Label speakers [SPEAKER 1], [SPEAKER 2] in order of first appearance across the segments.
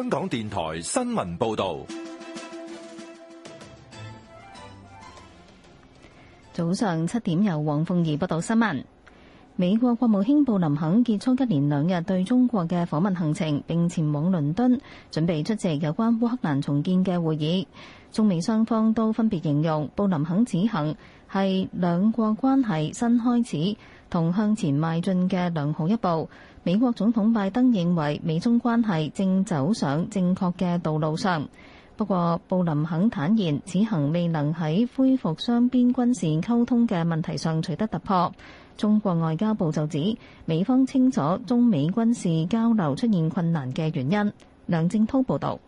[SPEAKER 1] 香港電台新聞報道，
[SPEAKER 2] 早上七點由黃鳳儀報道新聞。美國國務卿布林肯結束一連兩日對中國嘅訪問行程，並前往倫敦準備出席有關烏克蘭重建嘅會議。中美雙方都分別形容布林肯此行係兩國關係新開始同向前邁進嘅良好一步。美國總統拜登認為美中關係正走上正確嘅道路上，不過布林肯坦言此行未能喺恢復雙邊軍事溝通嘅問題上取得突破。中國外交部就指，美方清楚中美軍事交流出現困難嘅原因。梁正濤報道。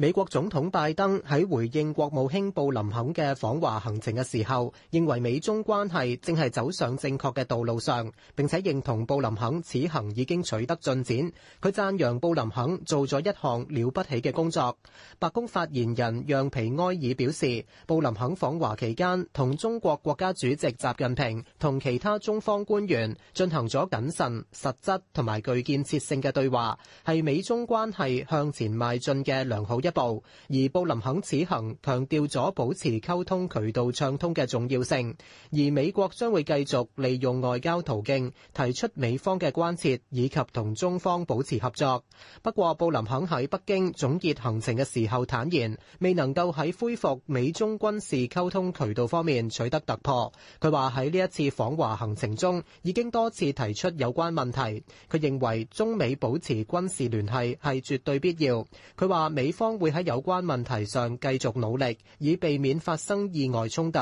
[SPEAKER 1] 美國總統拜登喺回應國務卿布林肯嘅訪華行程嘅時候，認為美中關係正係走上正確嘅道路上，並且認同布林肯此行已經取得進展。佢讚揚布林肯做咗一項了不起嘅工作。白宮發言人讓皮埃爾表示，布林肯訪華期間同中國國家主席習近平同其他中方官員進行咗謹慎、實質同埋具建設性嘅對話，係美中關係向前邁進嘅良好一一步，而布林肯此行強調咗保持溝通渠道暢通嘅重要性，而美國將會繼續利用外交途徑提出美方嘅關切，以及同中方保持合作。不過，布林肯喺北京總結行程嘅時候坦言，未能夠喺恢復美中軍事溝通渠道方面取得突破。佢話喺呢一次訪華行程中，已經多次提出有關問題。佢認為中美保持軍事聯繫係絕對必要。佢話美方。會喺有關問題上繼續努力，以避免發生意外衝突。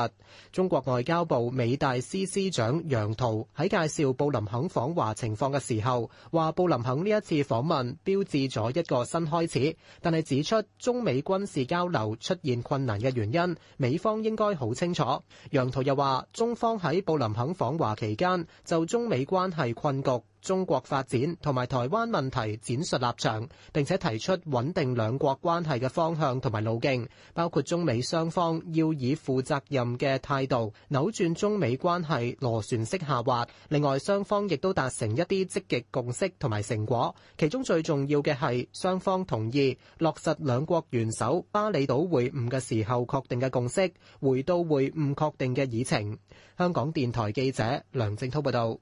[SPEAKER 1] 中國外交部美大司司長楊濤喺介紹布林肯訪華情況嘅時候，話布林肯呢一次訪問標誌咗一個新開始，但係指出中美軍事交流出現困難嘅原因，美方應該好清楚。楊濤又話，中方喺布林肯訪華期間就中美關係困局、中國發展同埋台灣問題展述立場，並且提出穩定兩國關係嘅方向同埋路徑，包括中美雙方要以負責任嘅態度扭轉中美關係螺旋式下滑。另外，雙方亦都達成一啲積極共識同埋成果，其中最重要嘅係雙方同意落實兩國元首巴厘島會晤嘅時候確定嘅共識，回到會晤確定嘅議程。香港電台記者梁正濤報道。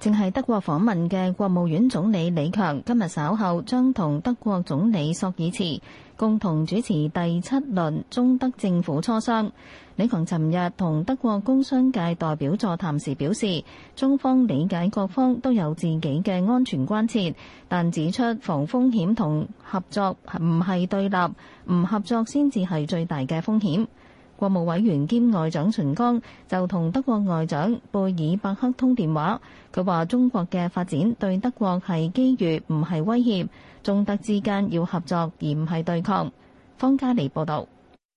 [SPEAKER 2] 正係德國訪問嘅國務院總理李強，今日稍後將同德國總理朔爾茨共同主持第七輪中德政府磋商。李強尋日同德國工商界代表座談時表示，中方理解各方都有自己嘅安全關切，但指出防風險同合作唔係對立，唔合作先至係最大嘅風險。國務委員兼外長秦剛就同德國外長貝爾伯克通電話，佢話中國嘅發展對德國係機遇，唔係威脅，中德之間要合作而唔係對抗。方家莉報道，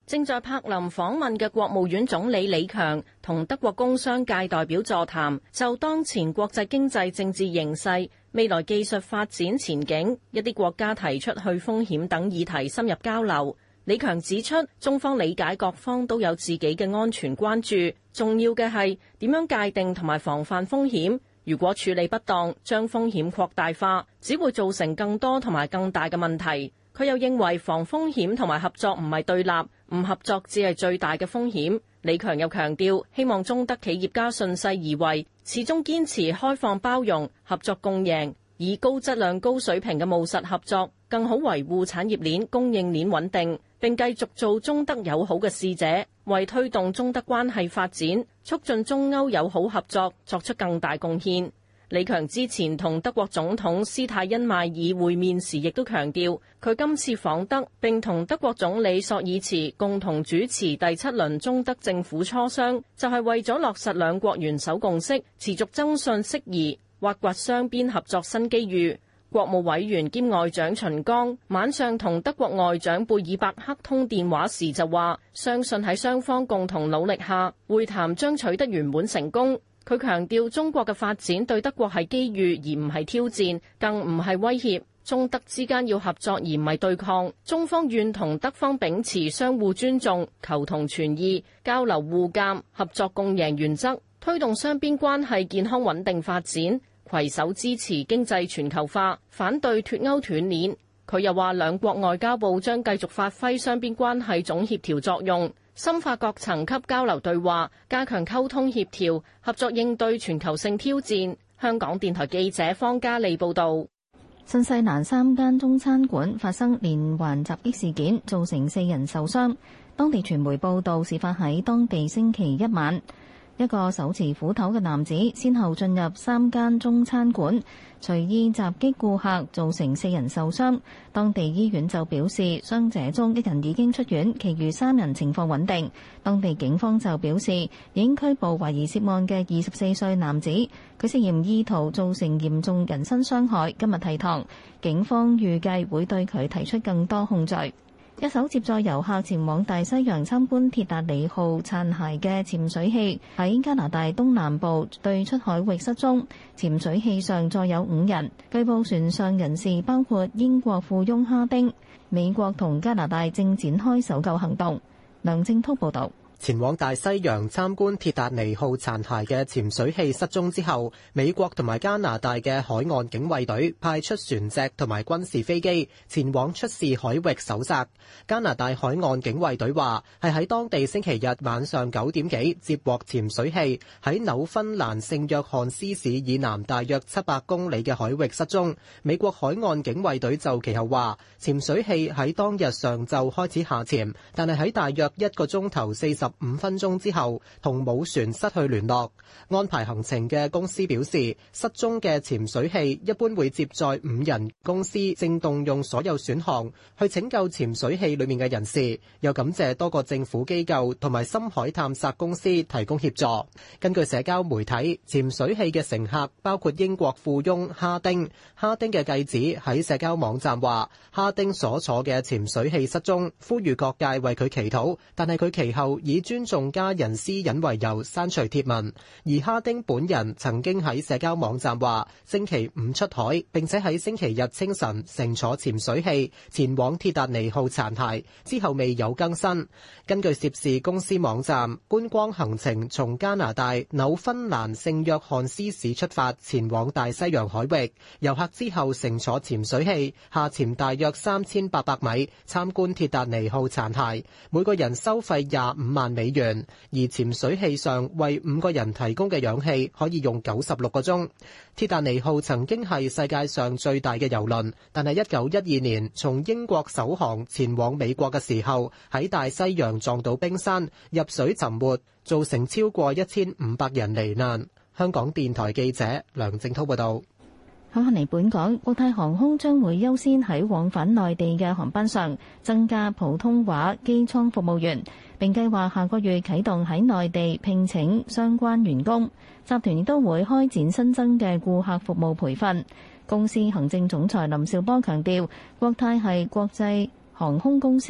[SPEAKER 3] 正在柏林訪問嘅國務院總理李強同德國工商界代表座談，就當前國際經濟政治形勢、未來技術發展前景、一啲國家提出去風險等議題深入交流。李強指出，中方理解各方都有自己嘅安全關注，重要嘅係點樣界定同埋防範風險。如果處理不當，將風險擴大化，只會造成更多同埋更大嘅問題。佢又認為防風險同埋合作唔係對立，唔合作只係最大嘅風險。李強又強調，希望中德企業家順勢而為，始終堅持開放包容、合作共贏，以高質量、高水平嘅務實合作，更好維護產業鏈、供應鏈穩定。並繼續做中德友好嘅使者，為推動中德關係發展、促進中歐友好合作作出更大貢獻。李強之前同德國總統施泰因邁爾會面時亦都強調，佢今次訪德並同德國總理朔爾茨共同主持第七輪中德政府磋商，就係、是、為咗落實兩國元首共識，持續增信釋疑挖掘雙邊合作新機遇。國務委員兼外長秦剛晚上同德國外長貝爾伯克通電話時就話，相信喺雙方共同努力下，會談將取得圓滿成功。佢強調，中國嘅發展對德國係機遇而唔係挑戰，更唔係威脅。中德之間要合作而唔係對抗，中方願同德方秉持相互尊重、求同存異、交流互鑒、合作共贏原則，推動雙邊關係健康穩定發展。攜手支持經濟全球化，反對脱歐斷鏈。佢又話，兩國外交部將繼續發揮雙邊關係總協調作用，深化各層級交流對話，加強溝通協調，合作應對全球性挑戰。香港電台記者
[SPEAKER 2] 方嘉利報道：「新西蘭三間中餐館發生連環襲擊事件，造成四人受傷。當地傳媒報道，事發喺當地星期一晚。一個手持斧頭嘅男子先後進入三間中餐館，隨意襲擊顧客，造成四人受傷。當地醫院就表示，傷者中一人已經出院，其餘三人情況穩定。當地警方就表示，已經拘捕懷疑涉案嘅二十四歲男子，佢涉嫌意圖造成嚴重人身傷害。今日提堂，警方預計會對佢提出更多控罪。一艘接載遊客前往大西洋參觀鐵達尼號殘骸嘅潛水器喺加拿大東南部對出海域失蹤，潛水器上載有五人，據報船上人士包括英國富翁哈丁。美國同加拿大正展開搜救行動。梁正滔報道。
[SPEAKER 1] 前往大西洋參觀鐵達尼號殘骸嘅潛水器失蹤之後，美國同埋加拿大嘅海岸警衛隊派出船隻同埋軍事飛機前往出事海域搜索。加拿大海岸警衛隊話：係喺當地星期日晚上九點幾接獲潛水器喺紐芬蘭聖約翰斯市以南大約七百公里嘅海域失蹤。美國海岸警衛隊就其後話：潛水器喺當日上晝開始下潛，但係喺大約一個鐘頭四十五分鐘之後同母船失去聯絡。安排行程嘅公司表示，失蹤嘅潛水器一般會接載五人，公司正動用所有選項去拯救潛水器裡面嘅人士。又感謝多個政府機構同埋深海探索公司提供協助。根據社交媒體，潛水器嘅乘客包括英國富翁哈丁。哈丁嘅繼子喺社交網站話：哈丁所坐嘅潛水器失蹤，呼籲各界為佢祈禱。但係佢其後以尊重家人私隱為由刪除貼文，而哈丁本人曾經喺社交網站話星期五出海，並且喺星期日清晨乘坐潛水器前往鐵達尼號殘骸，之後未有更新。根據涉事公司網站，觀光行程從加拿大紐芬蘭聖約翰斯市出發，前往大西洋海域，遊客之後乘坐潛水器下潛大約三千八百米，參觀鐵達尼號殘骸，每個人收費廿五萬萬美元，而潛水器上為五個人提供嘅氧氣，可以用九十六個鐘。鐵達尼號曾經係世界上最大嘅郵輪，但係一九一二年從英國首航前往美國嘅時候，喺大西洋撞到冰山入水沉沒，造成超過一千五百人罹難。香港電台記者梁靜濤報道。
[SPEAKER 2] 喺嚟本港，國泰航空將會優先喺往返內地嘅航班上增加普通話機艙服務員，並計劃下個月啟動喺內地聘請相關員工。集團亦都會開展新增嘅顧客服務培訓。公司行政總裁林紹波強調，國泰係國際航空公司，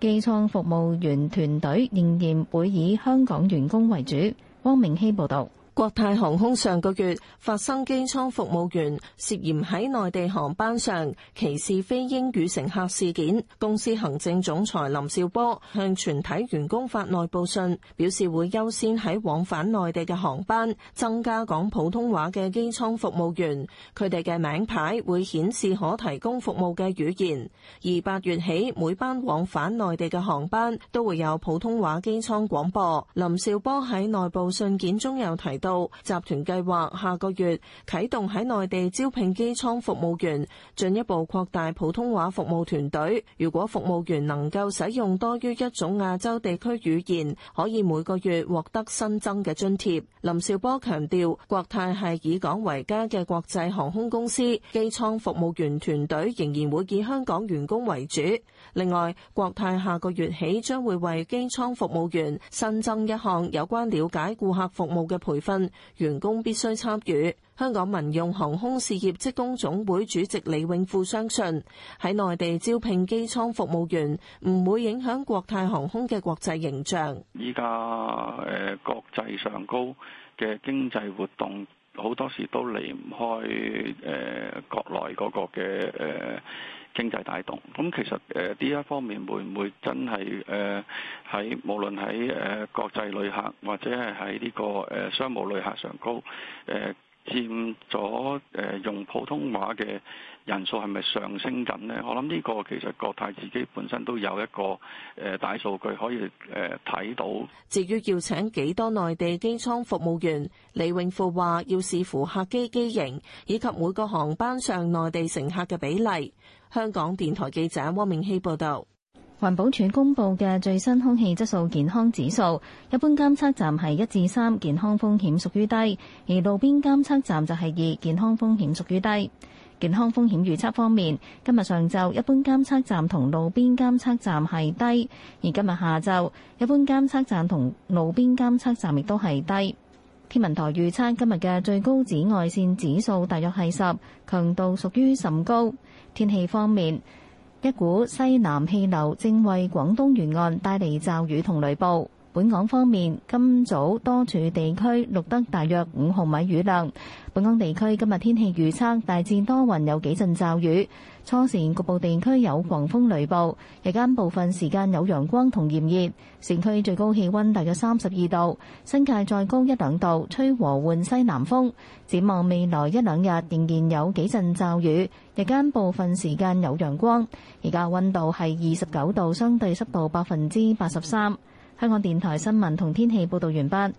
[SPEAKER 2] 機艙服務員團隊仍然會以香港員工為主。汪明希報道。國泰航空上個月發生機艙服務員
[SPEAKER 4] 涉嫌喺內地航班上歧視非英語乘客事件，公司行政總裁林紹波向全體員工發內部信，表示會優先喺往返內地嘅航班增加講普通話嘅機艙服務員，佢哋嘅名牌會顯示可提供服務嘅語言。而八月起，每班往返內地嘅航班都會有普通話機艙廣播。林紹波喺內部信件中有提到。到集團計劃下個月啟動喺內地招聘機艙服務員，進一步擴大普通話服務團隊。如果服務員能夠使用多於一種亞洲地區語言，可以每個月獲得新增嘅津貼。林兆波強調國泰係以港為家嘅國際航空公司，機艙服務員團隊仍然會以香港員工為主。另外，國泰下個月起將會為機艙服務員新增一項有關了解顧客服務嘅培訓。員工必須參與。香港民用航空事業職工總會主席李永富相信，喺內地招聘機艙服務員唔會影響國泰航空嘅國際形象。
[SPEAKER 2] 依家誒國際上高嘅經濟活動，好多時都離唔開誒、呃、國內嗰個嘅誒。呃經濟帶動，咁其實誒呢一方面會唔會真係誒喺無論喺誒國際旅客或者係喺呢個誒商務旅客上高誒？佔咗誒用普通話嘅人數係咪上升緊呢？我諗呢個其實國泰自己本身都有一個誒大數據可以誒睇到。
[SPEAKER 4] 至於要請幾多內地機艙服務員，李永富話要視乎客機機型以及每個航班上內地乘客嘅比例。香港電台記者汪明熙報導。
[SPEAKER 2] 環保署公布嘅最新空氣質素健康指數，一般監測站係一至三，健康風險屬於低；而路邊監測站就係二，健康風險屬於低。健康風險預測方面，今日上晝一般監測站同路邊監測站係低，而今日下晝一般監測站同路邊監測站亦都係低。天文台預測今日嘅最高紫外綫指數大約係十，強度屬於甚高。天氣方面。一股西南氣流正為廣東沿岸帶嚟驟雨同雷暴。本港方面，今早多處地區錄得大約五毫米雨量。本港地區今日天氣預測，大致多雲，有幾陣驟雨。初時局部地區有狂風雷暴，日間部分時間有陽光同炎熱。城區最高氣溫大約三十二度，新界再高一兩度，吹和緩西南風。展望未來一兩日仍然有幾陣驟雨，日間部分時間有陽光。而家溫度係二十九度，相對濕度百分之八十三。香港電台新聞同天氣報道完畢。